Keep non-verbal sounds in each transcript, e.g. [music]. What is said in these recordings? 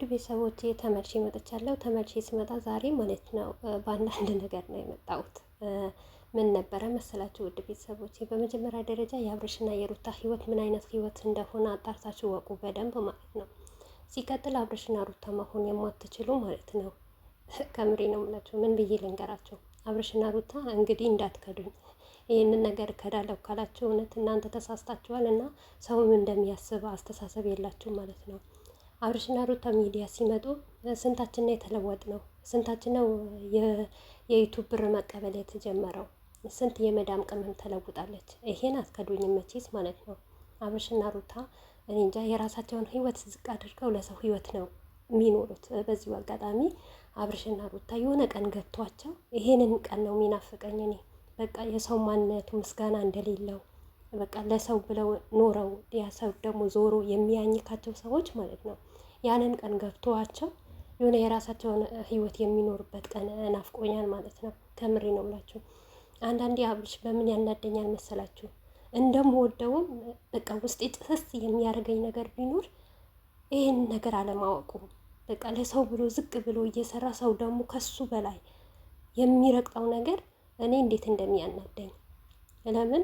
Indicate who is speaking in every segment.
Speaker 1: ውድ ቤተሰቦቼ ተመልሼ መጥቻለሁ። ተመልሼ ስመጣ ዛሬ ማለት ነው በአንዳንድ ነገር ነው የመጣሁት። ምን ነበረ መሰላችሁ ውድ ቤተሰቦቼ፣ በመጀመሪያ ደረጃ የአብርሽና የሩታ ህይወት ምን አይነት ህይወት እንደሆነ አጣርታችሁ ወቁ በደንብ ማለት ነው። ሲቀጥል አብርሽና ሩታ መሆን የማትችሉ ማለት ነው። [laughs] ከምሬ ነው የምላችሁ። ምን ብዬ ልንገራችሁ? አብርሽና ሩታ እንግዲህ እንዳትከዱኝ ይህንን ነገር ከዳለው ካላችሁ እውነት እናንተ ተሳስታችኋል እና ሰውም እንደሚያስብ አስተሳሰብ የላችሁ ማለት ነው። አብርሽና ሩታ ሚዲያ ሲመጡ ስንታችን ነው የተለወጥ ነው? ስንታችን ነው የዩቱብ ብር መቀበል የተጀመረው? ስንት የመዳም ቅመም ተለውጣለች? ይሄን አስከዱኝ መቼስ ማለት ነው። አብርሽና ሩታ እንጃ የራሳቸውን ህይወት ዝቅ አድርገው ለሰው ህይወት ነው የሚኖሩት። በዚሁ አጋጣሚ አብርሽና ሩታ የሆነ ቀን ገብቷቸው ይሄንን ቀን ነው የሚናፍቀኝ እኔ በቃ የሰው ማንነቱ ምስጋና እንደሌለው በቃ ለሰው ብለው ኖረው ያ ሰው ደግሞ ዞሮ የሚያኝካቸው ሰዎች ማለት ነው። ያንን ቀን ገብተዋቸው የሆነ የራሳቸውን ህይወት የሚኖሩበት ቀን ናፍቆኛል ማለት ነው። ከምሬ ነው ብላችሁ አንዳንዴ አብርሽ በምን ያናደኛል መሰላችሁ? እንደምወደውም በቃ ውስጤ ጥስስ የሚያደርገኝ ነገር ቢኖር ይህን ነገር አለማወቁ በቃ ለሰው ብሎ ዝቅ ብሎ እየሰራ ሰው ደግሞ ከሱ በላይ የሚረቅጠው ነገር እኔ እንዴት እንደሚያናደኝ ለምን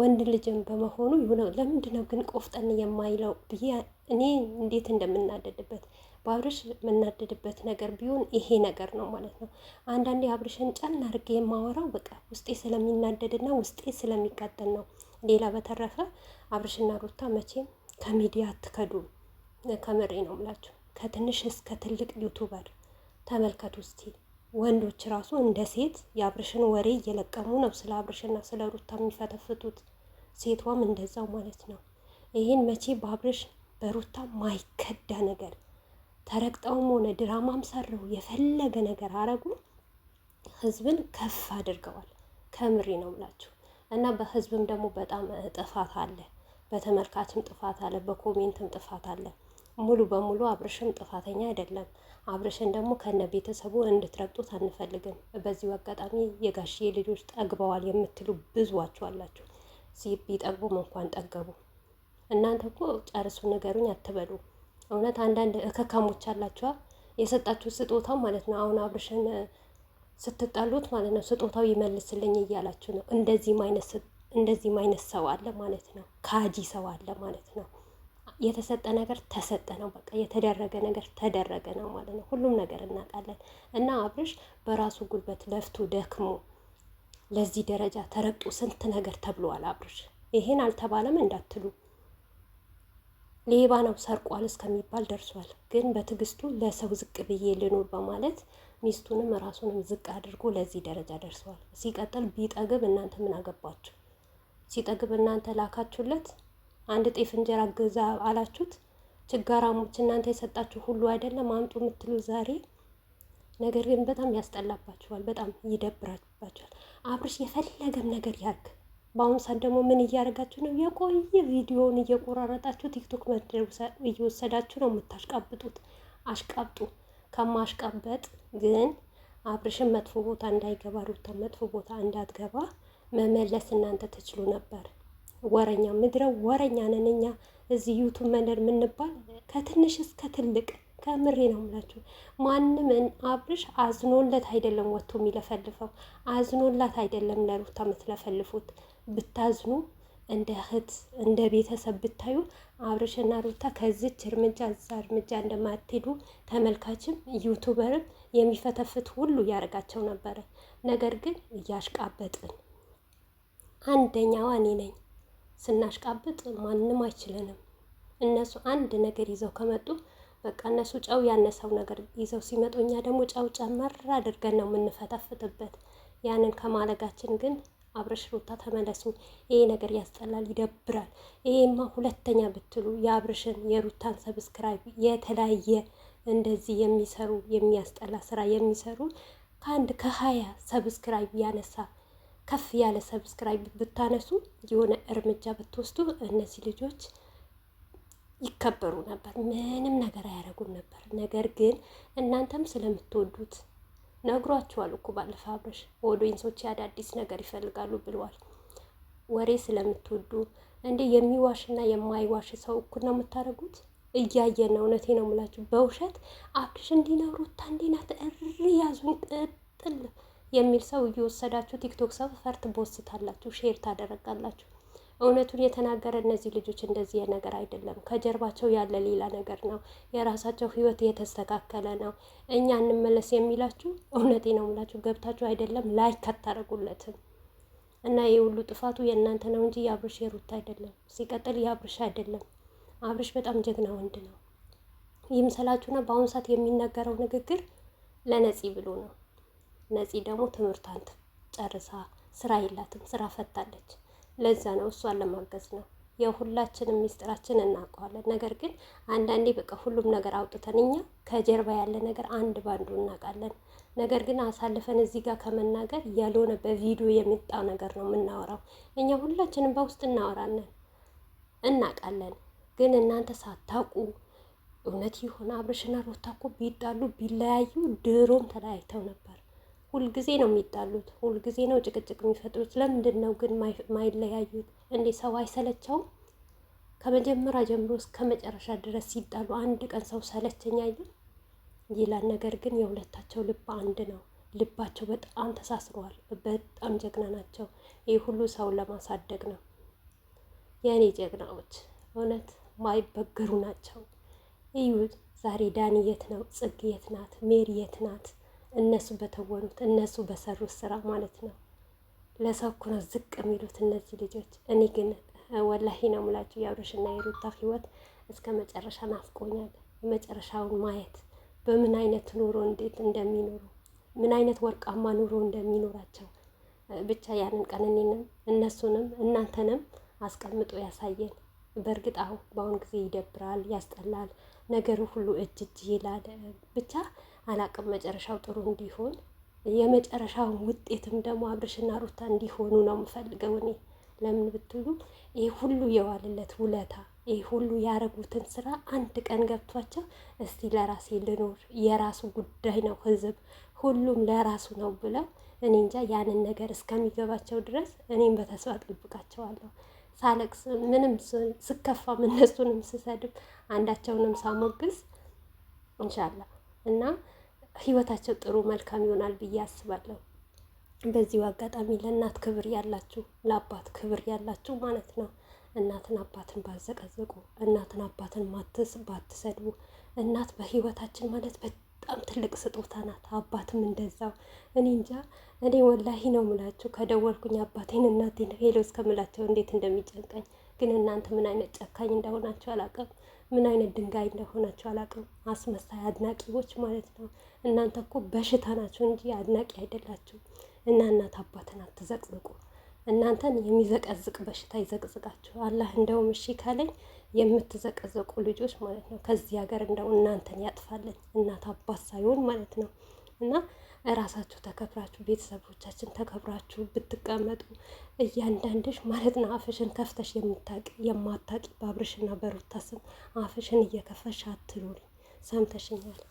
Speaker 1: ወንድ ልጅም በመሆኑ የሆነ ለምንድነው ግን ቆፍጠን የማይለው ብዬ እኔ እንዴት እንደምናደድበት በአብርሽ የምናደድበት ነገር ቢሆን ይሄ ነገር ነው ማለት ነው። አንዳንዴ አብርሽን ጫና አድርጌ የማወራው በቃ ውስጤ ስለሚናደድና ውስጤ ስለሚቃጠል ነው። ሌላ በተረፈ አብርሽና ሩታ መቼም ከሚዲያ አትከዱ። ከምሬ ነው የምላችሁ። ከትንሽ እስከ ትልቅ ዩቱበር ተመልከቱ እስቲ። ወንዶች ራሱ እንደ ሴት የአብርሽን ወሬ እየለቀሙ ነው ስለ አብርሽና ስለ ሩታ የሚፈተፍቱት። ሴቷም እንደዛው ማለት ነው። ይህን መቼ በአብርሽ በሩታ ማይከዳ ነገር ተረግጠውም ሆነ ድራማም ሰረው የፈለገ ነገር አረጉ፣ ህዝብን ከፍ አድርገዋል። ከምሬ ነው ምላችሁ እና በህዝብም ደግሞ በጣም ጥፋት አለ፣ በተመልካችም ጥፋት አለ፣ በኮሜንትም ጥፋት አለ። ሙሉ በሙሉ አብርሽም ጥፋተኛ አይደለም። አብርሽን ደግሞ ከነ ቤተሰቡ እንድትረግጡት አንፈልግም። በዚሁ አጋጣሚ የጋሽዬ ልጆች ጠግበዋል የምትሉ ብዙዋችሁ አላችሁ። ቢጠግቡም እንኳን ጠገቡ እናንተ እኮ ጨርሱ ነገሩኝ አትበሉ። እውነት አንዳንድ እከካሞች አላችኋ። የሰጣችሁ ስጦታው ማለት ነው። አሁን አብርሽን ስትጠሉት ማለት ነው ስጦታው ይመልስልኝ እያላችሁ ነው። አይነት እንደዚህም አይነት ሰው አለ ማለት ነው። ካጂ ሰው አለ ማለት ነው። የተሰጠ ነገር ተሰጠ ነው በቃ። የተደረገ ነገር ተደረገ ነው ማለት ነው። ሁሉም ነገር እናውቃለን። እና አብርሽ በራሱ ጉልበት ለፍቶ ደክሞ ለዚህ ደረጃ ተረግጦ ስንት ነገር ተብሏል። አብርሽ ይሄን አልተባለም እንዳትሉ ሌባ ነው ሰርቋል እስከሚባል ደርሷል። ግን በትዕግስቱ ለሰው ዝቅ ብዬ ልኑር በማለት ሚስቱንም ራሱንም ዝቅ አድርጎ ለዚህ ደረጃ ደርሰዋል። ሲቀጥል ቢጠግብ እናንተ ምን አገባችሁ? ሲጠግብ እናንተ ላካችሁለት? አንድ ጤፍ እንጀራ ግዛ አላችሁት? ችጋራሞች እናንተ የሰጣችሁ ሁሉ አይደለም አምጡ የምትሉ ዛሬ። ነገር ግን በጣም ያስጠላባችኋል፣ በጣም ይደብራባችኋል። አብርሽ የፈለገም ነገር ያርግ በአሁኑ ሰዓት ደግሞ ምን እያደረጋችሁ ነው? የቆየ ቪዲዮውን እየቆራረጣችሁ ቲክቶክ መድረግ እየወሰዳችሁ ነው የምታሽቃብጡት። አሽቃብጡ። ከማሽቃበጥ ግን አብርሽን መጥፎ ቦታ እንዳይገባ ሩታ መጥፎ ቦታ እንዳትገባ መመለስ እናንተ ተችሉ ነበር። ወረኛ ምድረ ወረኛ ነን እኛ እዚህ ዩቱብ መነር የምንባል ከትንሽ እስከ ትልቅ ከምሬ ነው የምላችሁ። ማንም አብርሽ አዝኖለት አይደለም ወጥቶ የሚለፈልፈው፣ አዝኖላት አይደለም ለሩታ የምትለፈልፉት። ብታዝኑ እንደ እህት እንደ ቤተሰብ ብታዩ አብርሽና ሩታ ከዚች እርምጃ እዛ እርምጃ እንደማትሄዱ ተመልካችም ዩቱበርም የሚፈተፍት ሁሉ እያደረጋቸው ነበረ። ነገር ግን እያሽቃበጥን አንደኛዋ እኔ ነኝ። ስናሽቃብጥ ማንም አይችልንም። እነሱ አንድ ነገር ይዘው ከመጡ በቃ እነሱ ጨው ያነሰው ነገር ይዘው ሲመጡ እኛ ደግሞ ጨው ጨመር አድርገን ነው የምንፈተፍትበት። ያንን ከማለጋችን ግን አብረሽ ሩታ ተመለሱ። ይሄ ነገር ያስጠላል፣ ይደብራል። ይሄማ ሁለተኛ ብትሉ የአብረሽን የሩታን ሰብስክራይብ የተለያየ እንደዚህ የሚሰሩ የሚያስጠላ ስራ የሚሰሩ ከአንድ ከሀያ ሰብስክራይብ ያነሳ ከፍ ያለ ሰብስክራይብ ብታነሱ የሆነ እርምጃ ብትወስዱ እነዚህ ልጆች ይከበሩ ነበር፣ ምንም ነገር አያደርጉም ነበር። ነገር ግን እናንተም ስለምትወዱት ነግሯቸዋል እኮ ባለፈ አብርሽ ኦዲየንሶች አዳዲስ ነገር ይፈልጋሉ ብለዋል። ወሬ ስለምትወዱ እንዴ የሚዋሽና የማይዋሽ ሰው እኩል ነው የምታደርጉት። እያየን እውነቴ ነው የምላችሁ በውሸት አብርሽ እንዲህ ነው ሩታ እንዲህ እሪ ያዙን ቅጥል የሚል ሰው እየወሰዳችሁ ቲክቶክ ሰው ፈርት ቦስታላችሁ ሼር ታደረጋላችሁ። እውነቱን የተናገረ እነዚህ ልጆች እንደዚህ ነገር አይደለም፣ ከጀርባቸው ያለ ሌላ ነገር ነው፣ የራሳቸው ህይወት የተስተካከለ ነው። እኛ እንመለስ የሚላችሁ እውነቴ ነው ምላችሁ ገብታችሁ አይደለም ላይ ካታረጉለትም እና ይህ ሁሉ ጥፋቱ የእናንተ ነው እንጂ የአብርሽ የሩት አይደለም። ሲቀጥል የአብርሽ አይደለም። አብርሽ በጣም ጀግና ወንድ ነው። ይህም ሰላችሁና በአሁኑ ሰዓት የሚነገረው ንግግር ለነፂ ብሎ ነው። ነፂ ደግሞ ትምህርቷን ጨርሳ ስራ የላትም፣ ስራ ፈታለች። ለዛ ነው እሷን ለማገዝ ነው። ያው ሁላችንም ሚስጥራችን እናውቀዋለን። ነገር ግን አንዳንዴ በቃ ሁሉም ነገር አውጥተን እኛ ከጀርባ ያለ ነገር አንድ ባንዱ እናውቃለን። ነገር ግን አሳልፈን እዚህ ጋር ከመናገር ያልሆነ በቪዲዮ የሚጣ ነገር ነው የምናወራው። እኛ ሁላችንም በውስጥ እናወራለን፣ እናውቃለን። ግን እናንተ ሳታውቁ እውነት የሆነ አብርሽና ሮታ እኮ ቢጣሉ ቢለያዩ ድሮም ተለያይተው ነበር። ሁልጊዜ ነው የሚጣሉት፣ ሁልጊዜ ነው ጭቅጭቅ የሚፈጥሩት። ለምንድን ነው ግን ማይለያዩት? እንዴ ሰው አይሰለቸውም? ከመጀመሪያ ጀምሮ እስከ መጨረሻ ድረስ ሲጣሉ አንድ ቀን ሰው ሰለቸኝ አይልም ይላል። ነገር ግን የሁለታቸው ልብ አንድ ነው። ልባቸው በጣም ተሳስረዋል። በጣም ጀግና ናቸው። ይህ ሁሉ ሰው ለማሳደግ ነው። የእኔ ጀግናዎች እውነት ማይበገሩ ናቸው። እዩ ዛሬ ዳኒ የት ነው? ጽግ የት ናት? ሜሪ የት ናት? እነሱ በተወኑት እነሱ በሰሩት ስራ ማለት ነው። ለሰው እኮ ነው ዝቅ የሚሉት እነዚህ ልጆች። እኔ ግን ወላሂ ነው የምላችሁ የአብርሽና የሩታ ህይወት እስከ መጨረሻ ናፍቆኛል። የመጨረሻውን ማየት በምን አይነት ኑሮ እንዴት እንደሚኖሩ ምን አይነት ወርቃማ ኑሮ እንደሚኖራቸው ብቻ ያንን ቀን እኔንም እነሱንም እናንተንም አስቀምጦ ያሳየን። በእርግጥ አሁን በአሁኑ ጊዜ ይደብራል፣ ያስጠላል፣ ነገሩ ሁሉ እጅ እጅ ይላል ብቻ አላቅም መጨረሻው ጥሩ እንዲሆን የመጨረሻው ውጤትም ደግሞ አብርሽና ሩታ እንዲሆኑ ነው የምፈልገው እኔ። ለምን ብትሉ ይህ ሁሉ የዋልለት ውለታ ይህ ሁሉ ያረጉትን ስራ አንድ ቀን ገብቷቸው እስቲ ለራሴ ልኖር የራሱ ጉዳይ ነው ህዝብ ሁሉም ለራሱ ነው ብለው እኔ እንጃ ያንን ነገር እስከሚገባቸው ድረስ እኔም በተስፋ ጠብቃቸዋለሁ። ሳለቅስ ምንም ስከፋም እነሱንም ስሰድብ አንዳቸውንም ሳሞግዝ እንሻላ እና ህይወታቸው ጥሩ መልካም ይሆናል ብዬ አስባለሁ። በዚሁ አጋጣሚ ለእናት ክብር ያላችሁ ለአባት ክብር ያላችሁ ማለት ነው እናትን አባትን ባዘቀዘቁ፣ እናትን አባትን ማትስ ባትሰድቡ። እናት በህይወታችን ማለት በጣም ትልቅ ስጦታ ናት። አባትም እንደዛው። እኔ እንጃ እኔ ወላሂ ነው ምላችሁ ከደወልኩኝ አባቴን እናቴን ሄሎ እስከምላቸው እንዴት እንደሚጨንቀኝ ግን እናንተ ምን አይነት ጨካኝ እንደሆናችሁ አላውቅም። ምን አይነት ድንጋይ እንደሆናቸው አላውቅም። አስመሳይ አድናቂዎች ማለት ነው። እናንተ እኮ በሽታ ናቸው እንጂ አድናቂ አይደላችሁ። እና እናት አባትን አትዘቅዝቁ። እናንተን የሚዘቀዝቅ በሽታ ይዘቅዝቃችሁ። አላህ እንደውም እሺ ካለኝ የምትዘቀዘቁ ልጆች ማለት ነው ከዚህ ሀገር እንደው እናንተን ያጥፋለን። እናት አባት ሳይሆን ማለት ነው። ራሳችሁ ተከብራችሁ ቤተሰቦቻችን ተከብራችሁ ብትቀመጡ እያንዳንድሽ ማለት ነው አፍሽን ከፍተሽ የምታቂ የማታቂ በአብርሽና በሩታ ስም አፍሽን እየከፈሽ አትኑሪ። ሰምተሽኛል።